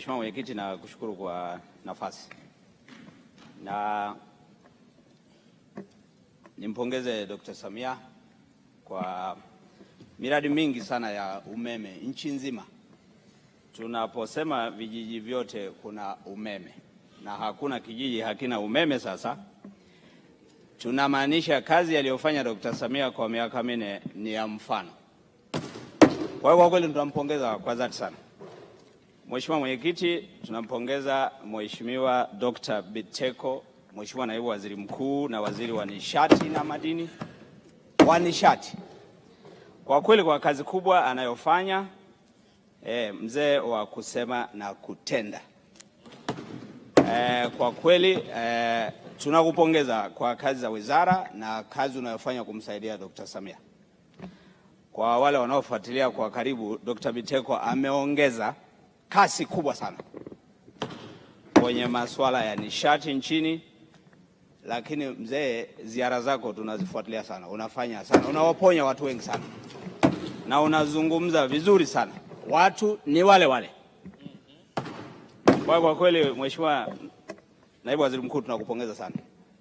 Mheshimiwa Mwenyekiti, na kushukuru kwa nafasi na nimpongeze Dr. Samia kwa miradi mingi sana ya umeme nchi nzima. Tunaposema vijiji vyote kuna umeme na hakuna kijiji hakina umeme, sasa tunamaanisha kazi aliyofanya Dr. Samia kwa miaka minne ni ya mfano. Kwa hiyo kwa kweli tunampongeza kwa dhati sana. Mheshimiwa Mwenyekiti, tunampongeza Mheshimiwa Dr. Biteko, Mheshimiwa Naibu Waziri Mkuu na Waziri wa Nishati na Madini wa Nishati, kwa kweli kwa kazi kubwa anayofanya. E, mzee wa kusema na kutenda. E, kwa kweli e, tunakupongeza kwa kazi za wizara na kazi unayofanya kumsaidia Dr. Samia. Kwa wale wanaofuatilia kwa karibu, Dr. Biteko ameongeza kasi kubwa sana kwenye masuala ya nishati nchini, lakini mzee, ziara zako tunazifuatilia sana, unafanya sana, unawaponya watu wengi sana na unazungumza vizuri sana, watu ni wale wale. Kwa kweli, Mheshimiwa Naibu Waziri Mkuu, tunakupongeza sana,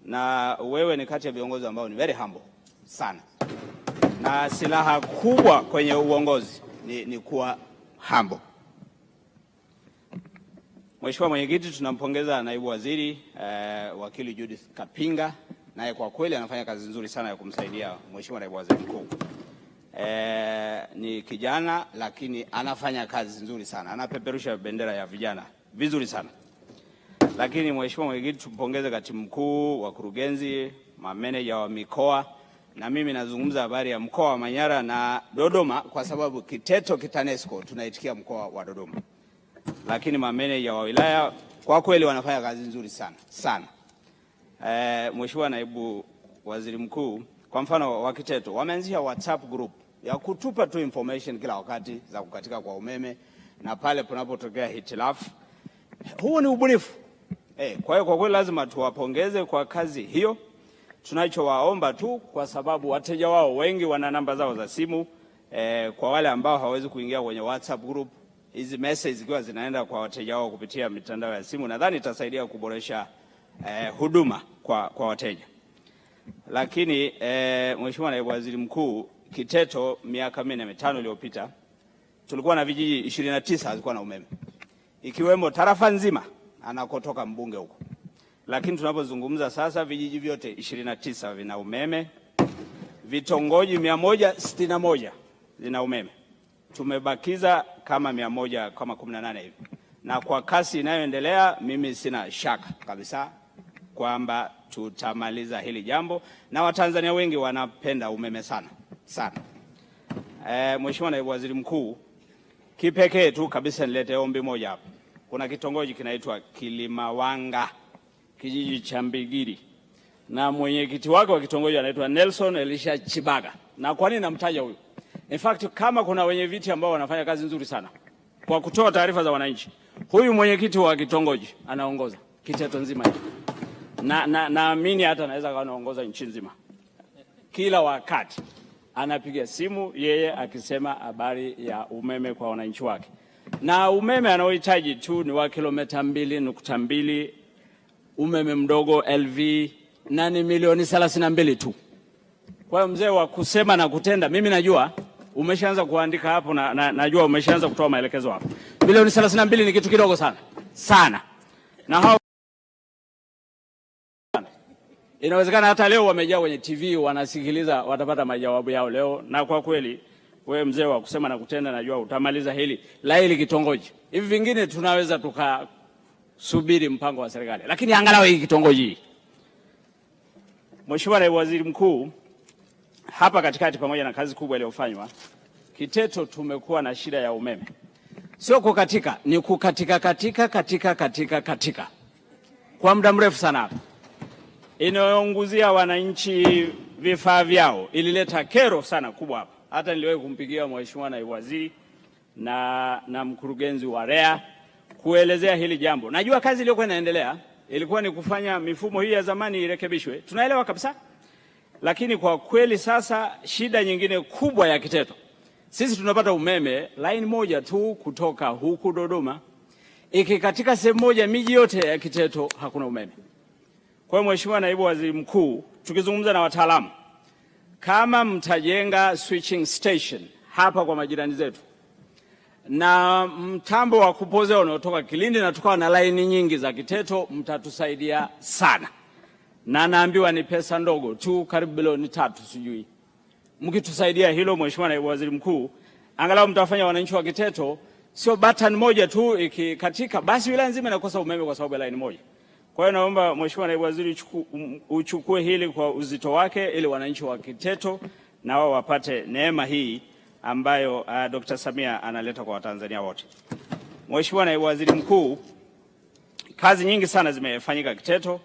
na wewe ni kati ya viongozi ambao ni very humble sana, na silaha kubwa kwenye uongozi ni, ni kuwa humble. Mheshimiwa Mwenyekiti, tunampongeza naibu waziri eh, wakili Judith Kapinga, naye kwa kweli anafanya kazi nzuri sana ya kumsaidia Mheshimiwa naibu waziri mkuu. Eh, ni kijana lakini anafanya kazi nzuri sana, anapeperusha bendera ya vijana vizuri sana. Lakini Mheshimiwa Mwenyekiti, tumpongeze katibu mkuu, wakurugenzi, mameneja wa mikoa, na mimi nazungumza habari ya mkoa wa Manyara na Dodoma kwa sababu Kiteto Kitanesco tunaitikia mkoa wa Dodoma lakini mameneja wa wilaya kwa kweli wanafanya kazi nzuri sana sana. E, Mheshimiwa Naibu Waziri Mkuu, kwa mfano wa Kiteto wameanzisha WhatsApp group ya kutupa tu information kila wakati za kukatika kwa umeme na pale panapotokea hitilafu. Huu ni ubunifu e. Kwa hiyo kwa kweli lazima tuwapongeze kwa kazi hiyo. Tunachowaomba tu, kwa sababu wateja wao wengi wana namba zao za simu e, kwa wale ambao hawawezi kuingia kwenye WhatsApp group hizi message zikiwa zinaenda kwa wateja wao kupitia mitandao ya simu, nadhani itasaidia kuboresha eh, huduma kwa, kwa wateja. Lakini eh, Mheshimiwa Naibu Waziri Mkuu, Kiteto miaka minne mitano iliyopita tulikuwa na vijiji 29 na hazikuwa na umeme ikiwemo tarafa nzima anakotoka mbunge huko, lakini tunapozungumza sasa vijiji vyote 29 vina umeme, vitongoji 161 vina umeme. Tumebakiza kama mia moja kama kumi na nane hivi, na kwa kasi inayoendelea mimi sina shaka kabisa kwamba tutamaliza hili jambo, na Watanzania wengi wanapenda umeme sana sana. E, Mheshimiwa Naibu Waziri Mkuu, kipekee tu kabisa nilete ombi moja hapa. Kuna kitongoji kinaitwa Kilimawanga, kijiji cha Mbigiri, na mwenyekiti wake wa kitongoji anaitwa Nelson Elisha Chibaga. Na kwa nini namtaja huyu? In fact, kama kuna wenye viti ambao wanafanya kazi nzuri sana kwa kutoa taarifa za wananchi, huyu mwenyekiti wa kitongoji anaongoza Kiteto nzima hii, na naamini na hata anaweza kawa anaongoza nchi nzima. Kila wakati anapiga simu yeye akisema habari ya umeme kwa wananchi wake, na umeme anaohitaji tu ni wa kilomita mbili nukta mbili umeme mdogo LV na ni milioni thelathini na mbili tu. Kwa hiyo mzee wa kusema na kutenda, mimi najua Umeshaanza kuandika hapo na, na, najua umeshaanza kutoa maelekezo hapo. Bilioni 32 ni kitu kidogo sana sana, na hao inawezekana hata leo wamejaa kwenye TV wanasikiliza, watapata majawabu yao leo. Na kwa kweli wewe mzee wa kusema na kutenda, najua utamaliza hili la hili kitongoji. Hivi vingine tunaweza tukasubiri mpango wa serikali, lakini angalau hii kitongoji Mheshimiwa Naibu Waziri Mkuu hapa katikati, pamoja na kazi kubwa iliyofanywa Kiteto, tumekuwa na shida ya umeme, sio kukatika, ni kukatika katika katika katika katika kwa muda mrefu sana hapa, inayounguzia wananchi vifaa vyao, ilileta kero sana kubwa hapa. Hata niliwahi kumpigia mheshimiwa naibu waziri na, na mkurugenzi wa REA kuelezea hili jambo. Najua kazi iliyokuwa inaendelea ilikuwa ni kufanya mifumo hii ya zamani irekebishwe, tunaelewa kabisa. Lakini kwa kweli sasa shida nyingine kubwa ya Kiteto, sisi tunapata umeme laini moja tu kutoka huku Dodoma, ikikatika sehemu moja, miji yote ya Kiteto hakuna umeme. Kwa hiyo Mheshimiwa Naibu Waziri Mkuu, tukizungumza na wataalamu, kama mtajenga switching station hapa kwa majirani zetu na mtambo wa kupozea unaotoka Kilindi na tukawa na laini nyingi za Kiteto, mtatusaidia sana na naambiwa ni pesa ndogo tu, karibu bilioni tatu sijui. Mkitusaidia hilo, Mheshimiwa Naibu Waziri Mkuu, angalau mtawafanya wananchi wa Kiteto sio batani moja tu ikikatika, basi wilaya nzima inakosa umeme kwa sababu ya laini moja. Kwa hiyo naomba Mheshimiwa Naibu Waziri uchukue hili kwa uzito wake, ili wananchi wa Kiteto na wao wapate neema hii ambayo uh, Dr. Samia analeta kwa Watanzania wote. Mheshimiwa Naibu Waziri Mkuu, kazi nyingi sana zimefanyika Kiteto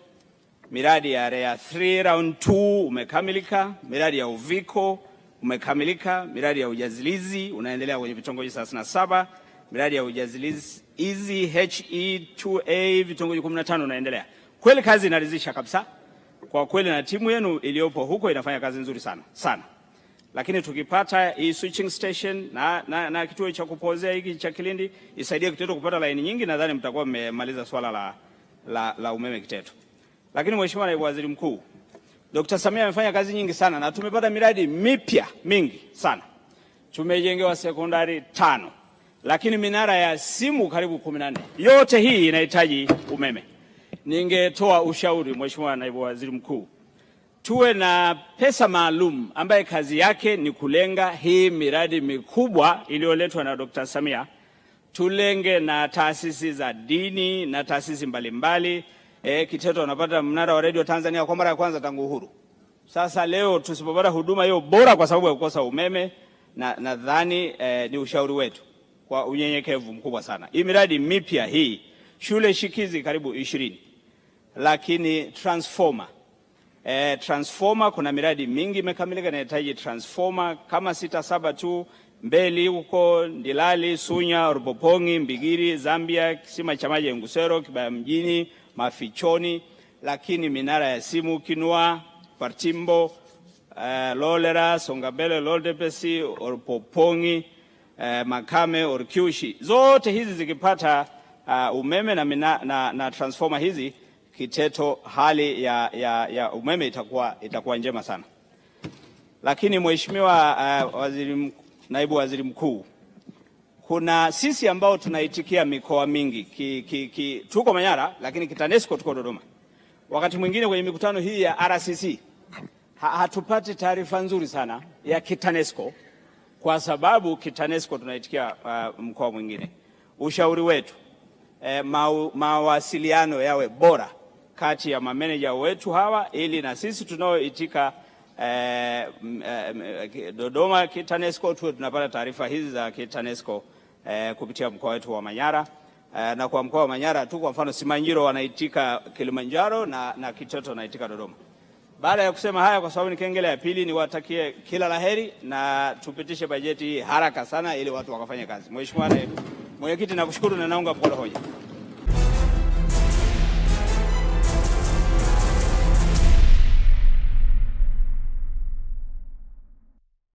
miradi ya REA 3 round 2 umekamilika, miradi ya Uviko umekamilika, miradi ya ujazilizi unaendelea kwenye vitongoji 37, miradi ya ujazilizi hizi HE2A vitongoji 15 unaendelea. Kweli kazi inaridhisha kabisa. Kwa kweli na timu yenu iliyopo huko inafanya kazi nzuri sana sana, lakini tukipata hii switching station na, na, na kituo cha kupozea hiki cha Kilindi isaidie Kiteto kupata laini nyingi, nadhani mtakuwa mmemaliza swala la, la, la umeme Kiteto. Lakini Mheshimiwa Naibu Waziri Mkuu, Dkt. Samia amefanya kazi nyingi sana na tumepata miradi mipya mingi sana. Tumejengewa sekondari tano, lakini minara ya simu karibu kumi na nne. Yote hii inahitaji umeme. Ningetoa ushauri Mheshimiwa Naibu Waziri Mkuu, tuwe na pesa maalum ambaye kazi yake ni kulenga hii miradi mikubwa iliyoletwa na Dkt. Samia, tulenge na taasisi za dini na taasisi mbalimbali mbali e, Kiteto wanapata mnara wa redio Tanzania kwa mara ya kwanza tangu uhuru. Sasa leo tusipopata huduma hiyo bora kwa sababu ya kukosa umeme, na nadhani e, ni ushauri wetu kwa unyenyekevu mkubwa sana. Hii miradi mipya hii shule shikizi karibu ishirini, lakini transformer E, transformer kuna miradi mingi imekamilika inahitaji transformer kama sita saba tu. Mbeli huko Ndilali, Sunya, Rupopongi, Mbigiri, Zambia, kisima cha maji Ngusero, Kibaya mjini, Mafichoni, lakini minara ya simu Kinua, Partimbo, uh, Lolera, Songabele, Loldepesi, Rupopongi, uh, Makame, Orkiushi, zote hizi zikipata uh, umeme na, mina, na, na transformer hizi Kiteto, hali ya, ya, ya umeme itakuwa, itakuwa njema sana, lakini mheshimiwa uh, waziri mkuu naibu waziri mkuu, kuna sisi ambao tunaitikia mikoa mingi ki, ki, ki, tuko Manyara lakini kitanesco tuko Dodoma. Wakati mwingine kwenye mikutano hii ya RCC ha, hatupati taarifa nzuri sana ya kitanesco kwa sababu kitanesco tunaitikia uh, mkoa mwingine. Ushauri wetu eh, mawasiliano yawe bora kati ya mameneja wetu hawa ili na sisi tunaoitika Eh, mm, eh, Dodoma Tanesco tu tunapata taarifa hizi za Tanesco eh, kupitia mkoa wetu wa Manyara eh, na kwa mkoa wa Manyara tu, kwa mfano Simanjiro wanaitika Kilimanjaro na, na Kitoto wanaitika Dodoma. Baada ya kusema haya, kwa sababu ni kengele ya pili, niwatakie kila laheri na tupitishe bajeti haraka sana ili watu wakafanye kazi. Mheshimiwa Mwenyekiti, nakushukuru na naunga mkono hoja.